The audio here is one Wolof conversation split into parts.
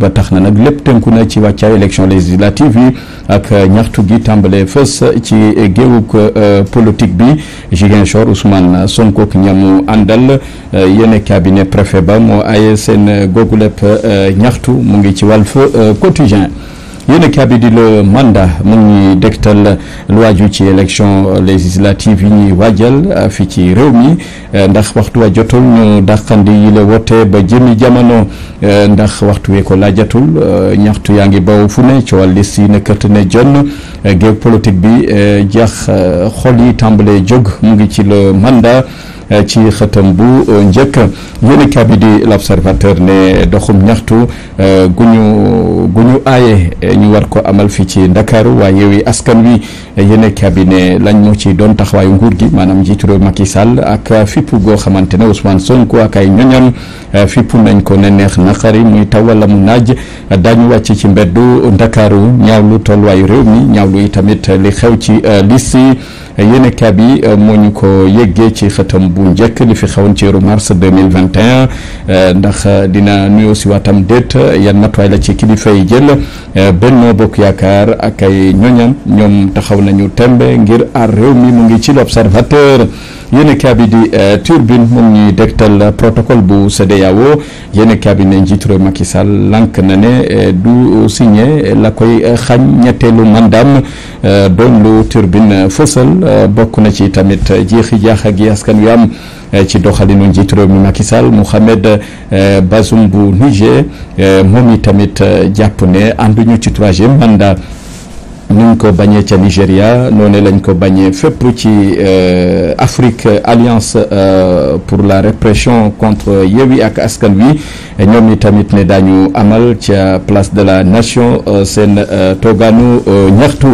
ba tax na nag lépp tënku na ci wàccaayu élection législative yi ak euh, ñaxtu gi tàmbalee fës ci géewug euh, politique bi Ziguinchor Ousmane Sonko ak ñamu àndal euh, yene cabinet préfet ba moo aye seen googu lépp ñaxtu mu ngi ci wàll Walf Quotidien yéenekaay bi di la mandat mu ngi dégtal lu waaju ci élection législative yi ñuy waajal euh, fii ci réew mi euh, ndax waxtu wa jotul ñu dàqandi yi la wote ba jëmi jamono euh, ndax waxtu wee ko laajatul ñaxtu yaa ngi baw fu ne coowal liste yi nekkat ne jonn géew politique bi jaax xol yi tàmbalee jóg mu ngi ci le mandat ci xëtam bu euh, njëkk yéen kaay bi di l'observateur ne doxum ñaxtu euh, gu ñu aaye euh, ñu war ko amal fii ci ndakaaru waaye Yewwi Askan Wi yéen kaay bi ne lañ moo ci doon taxawaayu nguur gi maanaam njiitu réew Macky Sall ak fipp goo xamante ne Ousmane Sonko ak ay ñoñam fipp nañ ko ne neex naqari muy taw wala mu naaj daañu wàcc ci mbeddu ndakaaru ñaawlu tolluwaayu réew mi ñaawlu yi tamit li xew ci liste yéene kaab yi euh, moo ñu ko yëggee ci xëtam bu njëkk li fi xawoon ci weeru mars 2021 euh, ndax euh, dina nuyoo si waatam déet yan matuwaay la ci kilifa yi jël Benno Bokk Yaakaar ak ay ñoñam ñoom taxaw nañu tembe ngir aar réew mi mu ngi ci l'observateur yéen kabi di eh, turbine moom ñuy dégtal protocole bu CEDEAO yéen kabi ne njiitu réew Macky lank na ne eh, du signé eh, la koy xañ ñetteelu mandam doon lu turbine fësal bokk na ci tamit jeexi jaaxa gi askan wi am ci doxalinu njiitu réew mi Macky Sall Mohamed Bazoum bu Niger moom i tamit jàpp ne ànduñu ci troisième mandat nuñ ko bañee ca Nigéria noonu lañ ko bañee fépp ci euh, Afrique Alliance euh, pour la répression contre Yewwi ak askan wi ñoom tamit ne daañu amal ca place de la nation euh, seen euh, toogaanu euh, ñaxtu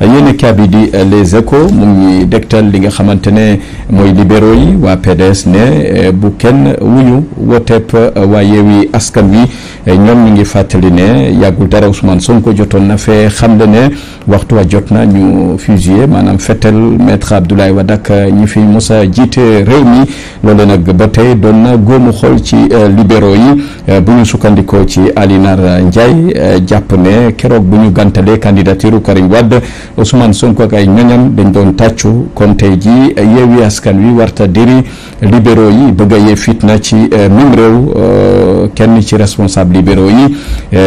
yéen kaabi di les échos mu ngi dégtal li nga xamante ne mooy libéraux yi waa PDS ne bu kenn ñu woteep waa yeewi askan wi ñoom ñi ngi fàttali ne yàggul dara Ousmane ko jotoon na fee xam le ne waxtu wa jot na ñu fusillé maanaam fetel maître Abdoulaye Wade ñu fi mos jiite réew mi loole nag ba tey doon na góomu xool ci libéraux yi Euh, bu ñu sukkandikoo ci Alinar Ndiaye euh, jàpp ne keroog bu ñu gantalee candidature Karim Wade Ousmane Sonko ak ay ñoñam dañ doon tàccu kon tey ji euh, yeewi askan wi warta diri libéraux yi bëgg a yee fitna ci même réew kenn ci responsable libéraux yi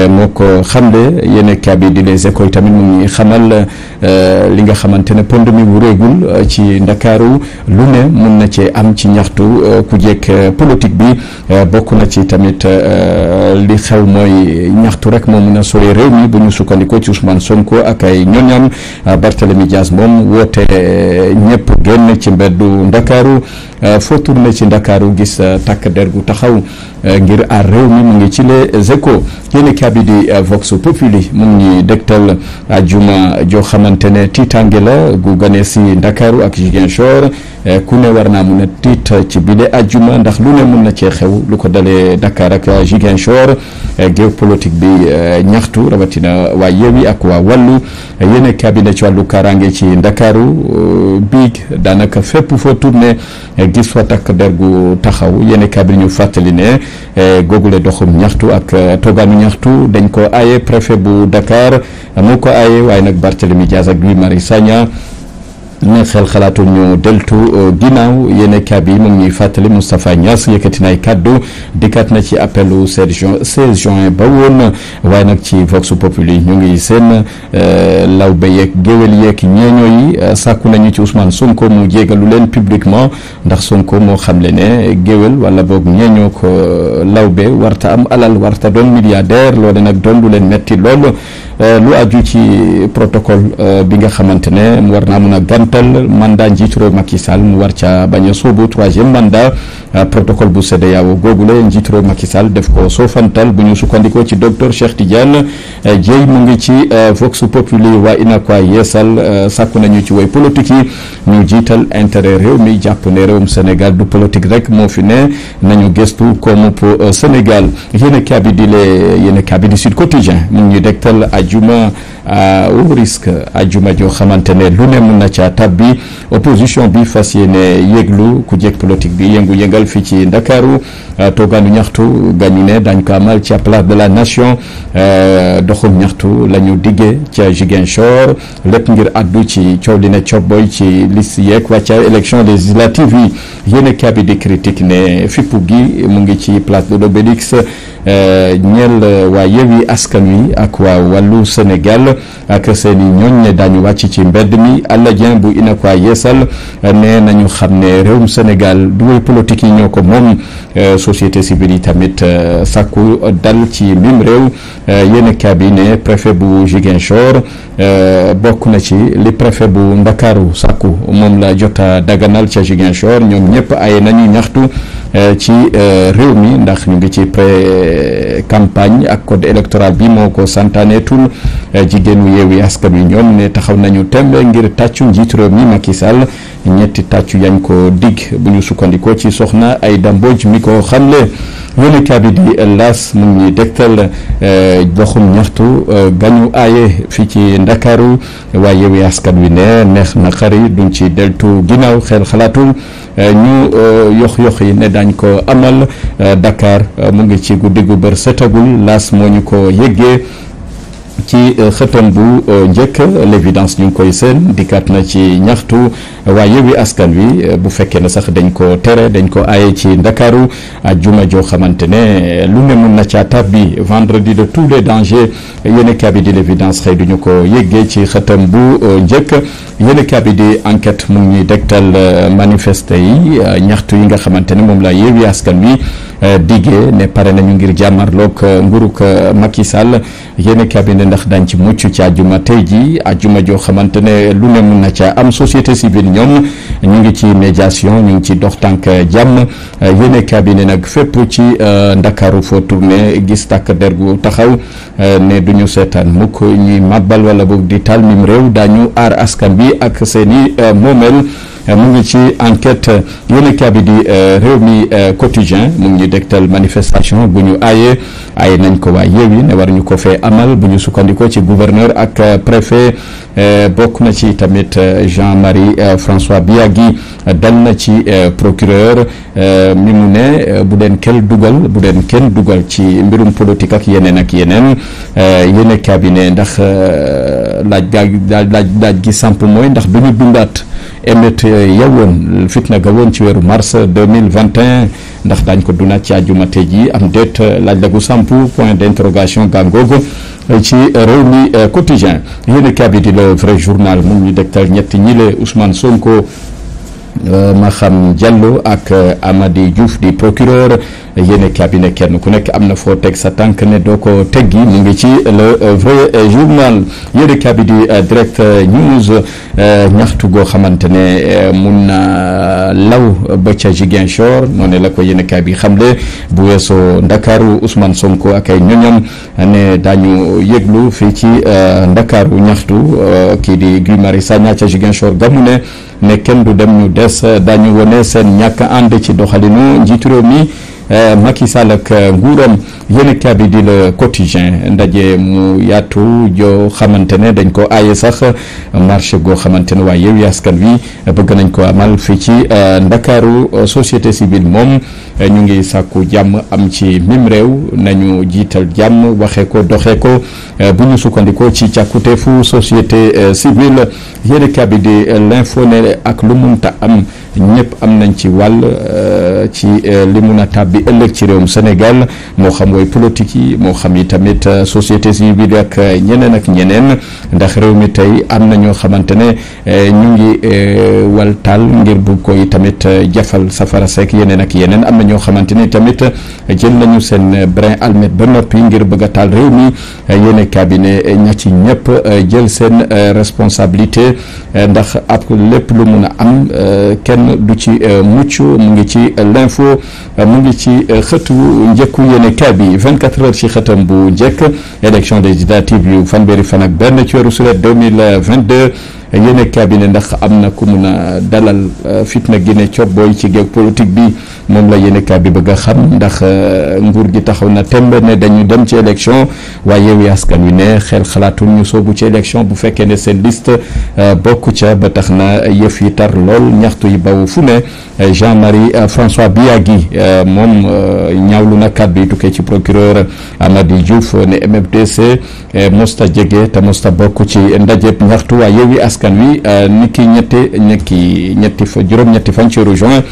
moo ko xamle yéen yi di les écoles tamit mu ngi xamal li nga xamante ne pond mi wuréegul ci ndakaaru lu ne mun na cee am ci ñaxtu ku jeeg politique bi bokk na ci tamit Euh, li xew mooy ñaxtu rek moom mën a sori réew mi bu ñu sukkandikoo ci Ousmane Sonko ak ay ñoñam Barthélemy Dias moom woote euh, ñëpp génn ci mbeddu Ndakaaru Euh, foo tourné ci ndakaaru gis euh, takk der gu taxaw euh, ngir aar réew mi mu ngi ci les échos yéen kaabi di Vox Populi mu ngi dégtal ajuma joo xamante ne tiitange la gu gane si ndakaaru ak Ziguinchor ku ne war naa mun a tiit ci bile ajuma ndax lu ne mun na cee xew lu ko dalee Dakar ak Ziguinchor Euh, géopolitique bi euh, ñaxtu rawatina waa Yewwi ak waa Wallu yéen a cabinet ci wàllu kaaraange ci Ndakaaru euh, biig daanaka fépp foo tourné gis fa takk der gu taxaw yéen a ñu fàttali ne googule doxum ñaxtu ak toogaanu ñaxtu dañ ko aaye préfet bu Dakar moo ko aaye waaye nag Barthélemy Dias ak Guy Marius Sagna ne xel xalaatu ñu deltu euh, ginnaaw yéen kaa bi mu ngi ñuy fàttali Moustapha Niass yëkkati na ay kàddu dikkaat na ci appelu 16 juin 16 juin ba woon waaye nag ci Vox Populi ñu ngi seen euh, lawbe yeeg géwél yeeg ñeeño yi euh, sàkku nañu ci Ousmane Sonko mu jégalu leen publiquement ndax Sonko moo xam ne géwél walla boog ñeeñoo ko lawbe warta am alal warta doon milliardaire loole nag doon lu leen metti lool Euh, lu aju ci protocole euh, bi nga xamante ne war naa mën a gantal mandat njiitu réew Macky Sall mu war ca bañ a sóobu troisième mandat. Euh, protocole bu CEDEAO googu la njiitu réew Macky Sall def ko soofantal bu ñu sukkandikoo ci docteur Cheikh Tidiane euh, Dièye mu ngi ci euh, Vox Populi waa INACOI yeesal sàkku nañu ci way politique yi ñu jiital intérêt réew mi jàpp ne réewum Sénégal du politique rek moo fi ne nañu gëstu koomub Sénégal yéen a kaabi di le yéen a kaabi di Sud Quotidien mu ngi dektal ajuma au risque ajuma joo xamante ne lu ne mën na caa tab bi opposition bi fas yéene yëglu ku jekk politique bi yëngu-yëngal amal fii ci Ndakaaru euh, toogaanu ñaxtu gañu ne dañ ko amal ci place de la nation euh, doxum ñaxtu lañu ñu diggee ca Ziguinchor lépp ngir addu ci coow li ne cobboy ci liste yeeg wàccaay élection législative yi yéen kaabi di critique ne fippu gi mu ngi ci place de l'Obélisque Euh, ñeel euh, waa Yewwi Askan Wi ak waa Wàllu Sénégal ak seen i ñooñ ne daañu wàcc ci mbedd mi Alla Dieng bu Inakwa Yeesal euh, nee nañu xam ne réewum Sénégal du way politique yi ñoo ko moom société civile yi tamit sàkku dal ci mim réew yéen cabinet préfet bu Ziguinchor bokk na ci li préfet bu Ndakaaru sàkku moom la jota daganal ca Ziguinchor ñoom ñëpp ay nañu ñaxtu Euh, ci euh, réew mi ndax ñu ngi ci pré campagne ak code électoral bi moo ko santaaneetul euh, jigéenu yeewi askan wi ñoom ne taxaw nañu tembe ngir tàccu njiit réew mi Macky Sall ñetti tàccu yañ ko digg bu ñu sukkandikoo ci soxna ay Mbodj mi ko xamle. yéen kaa bi di laas mu ngi dégtal doxum eh, ñaxtu gañu eh, aaye fii ci ndakaaru waaye Yewwi Askan Wi ne neex na xari duñ ci deltu ginnaaw xel xalaatul eh, ñu yox yox yi ne dañ ko amal Dakar mu ngi ci guddi gu bër setagul laas moo ñu ko yëggee ci euh, xëtam bu euh, njëkk l'évidence ñu ngi koy seen dikkaat na ci ñaxtu waaye wi askan wi euh, bu fekkee ne sax dañ ko tere dañ ko aaye ci ndakaaru ak ajjuma joo xamante ne lu ne mun na caa tàbbi vendredi de tous les dangers yéen kabi di l'évidence xëy duñu ko yëggee ci xëtam bu njëkk yéen kabi di enquête mu ngi ñuy degtal manifeste yi ñaxtu yi nga xamante ne moom la yeewi askan wi Euh, diggee ne pare nañu ngir jàmmarloog euh, nguurug euh, Macky Sall yéen cabinet ndax dañ ci mucc ci àjjuma tey ji àjjuma joo xamante ne lu ne mun na ca am société civile ñoom ñu ngi ci médiation ñu ngi ci dox tànk jàmm yéen cabinet nag fépp ci ndakaaru foo tourné gis tàkk der gu taxaw ne du ñu seetaan mukk ñuy màbbal wala boog di taal mim réew daañu aar askan bi ak seen i moomeel Euh, mu ngi ci enquête euh, yéenekaay bi di euh, réew mi quotidien mu ngi dektal manifestation bu ñu aaye aaye nañ ko waa Yewwi ne war ñu ko fee amal bu ñu sukkandikoo ci gouverneur ak préfet bokk na ci tamit Jean-Marie François Biagui dal na ci procureur mi mu ne bu den kenn dugal bu den kenn dugal ci mbirum politique ak yeneen ak yeneen yéenekaay bi ne ndax laaj laaj laaj gi samp mooy ndax du ñu émeute ya woon fitna ga woon ci weeru mars 2021 ndax daañ ko dunaat ci àjjuma tey jii am déet laaj la gu samp point d'interrogation gàngoogu ci réew mi euh, quotidien yéen a kaabidi le vrai journal moom ñu dégtal ñetti ñi le Ousmane Sonko Euh, Maham Diallo ak euh, Amady Diouf di procureur yéen cabinet kenn ku nekk am na foo teg sa tànk ne doo ko teggi mu ngi ci le euh, vrai journal yéen cabinet di direct news ñaxtu goo xamante ne mun na law ba ca Ziguinchor noonu la ko yéen cabinet bi xamle bu weesoo Ndakaaru Ousmane Sonko ak ay ñoñam ne daañu yëglu fii ci Ndakaaru ñaxtu kii di Guy Marius Sagna ca Ziguinchor gamu ne ne kenn du dem ñu des euh, dañu wone seen ñàkk ànd ci doxalinu njiitu réew mi euh, Macky Sall ak euh, nguuram yéenekaay bi di le quotidien ndaje mu yaatu joo xamante ne dañ ko aaye sax marché goo xamante ne waaye Yewwi Askan Wi bëgg nañ ko amal fii ci euh, Ndakaaru euh, société civile moom euh, ñu ngi sàkku jàmm am ci mim réew nañu jiital jàmm waxee ko doxee ko bu ñu sukkandikoo ci càkkuteefu société civile yéenekaay bi di l'info ne ak lu munta am ñëpp am nañ ci wàll ci li mun a tàbbi ëllëg ci réew réewum Sénégal moo xam way politique yi moo xam yi tamit euh, société civile bi ak euh, ñeneen ak ñeneen ndax réew mi tey am na ñoo xamante ne euh, ñu ngi wal taal ngir bu koy tamit jafal safara seek yeneen ak yeneen am na ñoo xamante ne tamit jël nañu seen brin almet ba noppi ngir bëgg a taal réew mi yéene cabinet ña ci ñëpp jël seen responsabilité ndax ab lépp lu mun a am kenn du ci mucc mu ngi ci l'info mu ngi ci xëtu njëkku yéene cabinet ci 24 heures ci xëtam bu njëkk élection législative yu fanweeri fan ak benn ci weeru sulet 2022 yéen ne ndax am na ku mun a dalal euh, fitna gi ne cob booy ci géeg politique bi moom la yéen bi bëgg a xam ndax euh, nguur gi taxaw na temb ne dañu dem ci élection waa Yewwi Askan Wi ne xel xalaatul ñu soobu ci élection bu fekkee ne seen liste euh, bokk ca ba tax na yëf yi tar lool ñaxtu yi bawu fu ne Jean-Marie François Biagui moom ñaawlu na kàddu yi tukkee ci procureur Amady Diouf ne MFDC mosta jege te mosta bokk ci ndajeb ñaxtu waaye Yewwi Askan askan wi euh, niki ñetti ñekki ñetti fa juróom-ñetti fan ci juin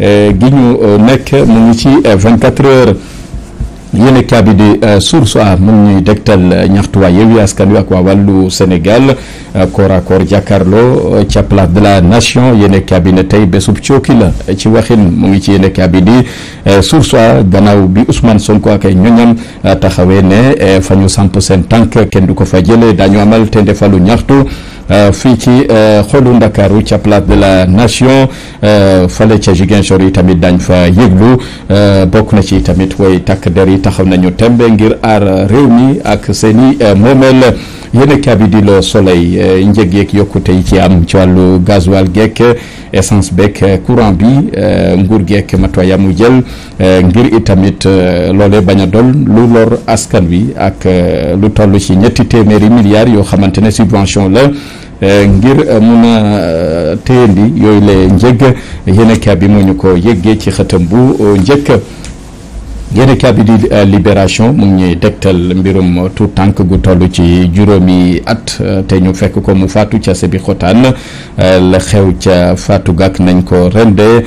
euh, gi ñu euh, nekk mu ngi ci 24 heures yéen a bi di source a mën ñuy dégtal ñaxtuwaay Yewwi Askan Wi ak waa wàllu Sénégal corps à corps jàkkaarloo ca place de la nation yéen a bi ne tey bésub cooki la ci waxin mu ngi ci yéen a bi di source a gannaaw bi Ousmane Sonko ak ay ñoñam taxawee ne fa ñu samp seen tànk kenn du ko fa jëlee daañu amal te ndefalu ñaxtu. Euh, fii ci euh, xolu Ndakaaru ca place de la nation euh, fale ca Ziguinchor yi tamit dañ fa yëglu bokk na ci tamit way takk der yi taxaw nañu tembe ngir aar réew mi ak seeni moomeel yéen kaabi di Le Soleil njëg yeeg yokkute yi ci am ci wàllu gasoil geek essence beeg courant bi nguur geek matuwaay mu jël ngir itamit loole bañ a dol lu lor askan bi ak lu toll ci ñetti téeméeri milliards yoo xamante ne subvention la Eh, ngir eh, mun a eh, téyandi yooyu la njëgg yéenekaay bi moo ñu ko yëggee ci xëtam bu njëkk yéenekaay bi di Libération mu ñuy degtal mbirum tout tànk gu toll ci yi at te ñu fekk ko mu faatu ca Sébikotane la xew ca faatu gàkk nañ ko rende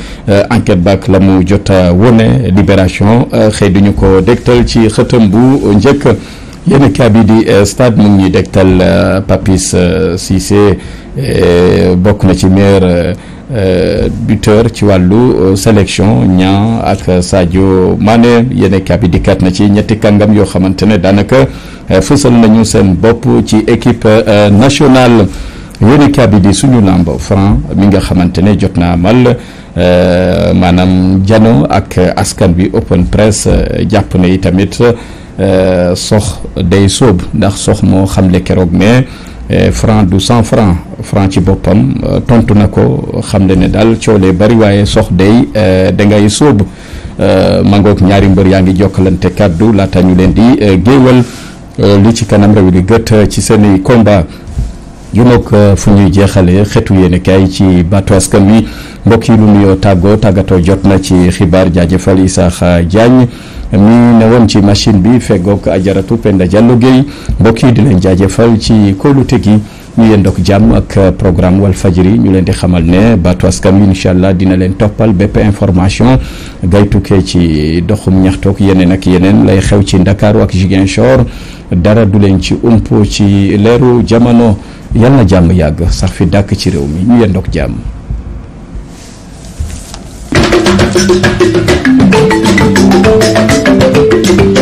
enquête bak la mu jot a wone Libération xëy duñu ko degtal ci xëtam bu njëkk yéen kaa bi di eh, stade mu ngi degtal eh, Papis eh, Cissé bokk na ci meilleur buteur ci wàllu sélection ñaa ak Sadio Mané yéen kaa bi dikkaat na ci ñetti kàngam yoo xamante ne daanaka fësal nañu seen bopp ci équipe nationale yéen kaa bi di suñu làmb franc mi nga xamante ne jot naa mal maanaam jano ak askan bi open press jàpp na yi tamit. Euh, sox day sóob ndax sox moo xam xamle keroog mais euh, franc du cent franc franc ci boppam euh, tontu na ko xam ne ne daal coolee bari waaye sox day dangay sóob mangoog ñaari mbër yaa ngi jokkalante kàddu laata ñu leen di géewal lu ci kanam réew di gët ci seeni combat yu nag fu ñuy jeexale xetu yéene kaay ci baatu askan wi mbokk lu nuyoo tàggoo tàggatoo jot na ci xibaar jaajëfal sax Diagne mi ne woon ci machine bi fegook ajaratu Penda Diallo Guèye mbokk yi di leen jaajëfal ci kóolute gi ñu yendoo ak jàmm ak programme Walfadjri ñu leen di xamal ne baatu askan wi incha allah dina leen toppal bépp information gaytukee ci doxum ñaxtoog yeneen ak yeneen lay xew ci Ndakaaru ak Ziguinchor dara du leen ci ump ci leeru jamono yal na jàmm yàgg sax fi dàkk ci réew mi ñu yendoo ak jàmm. thank you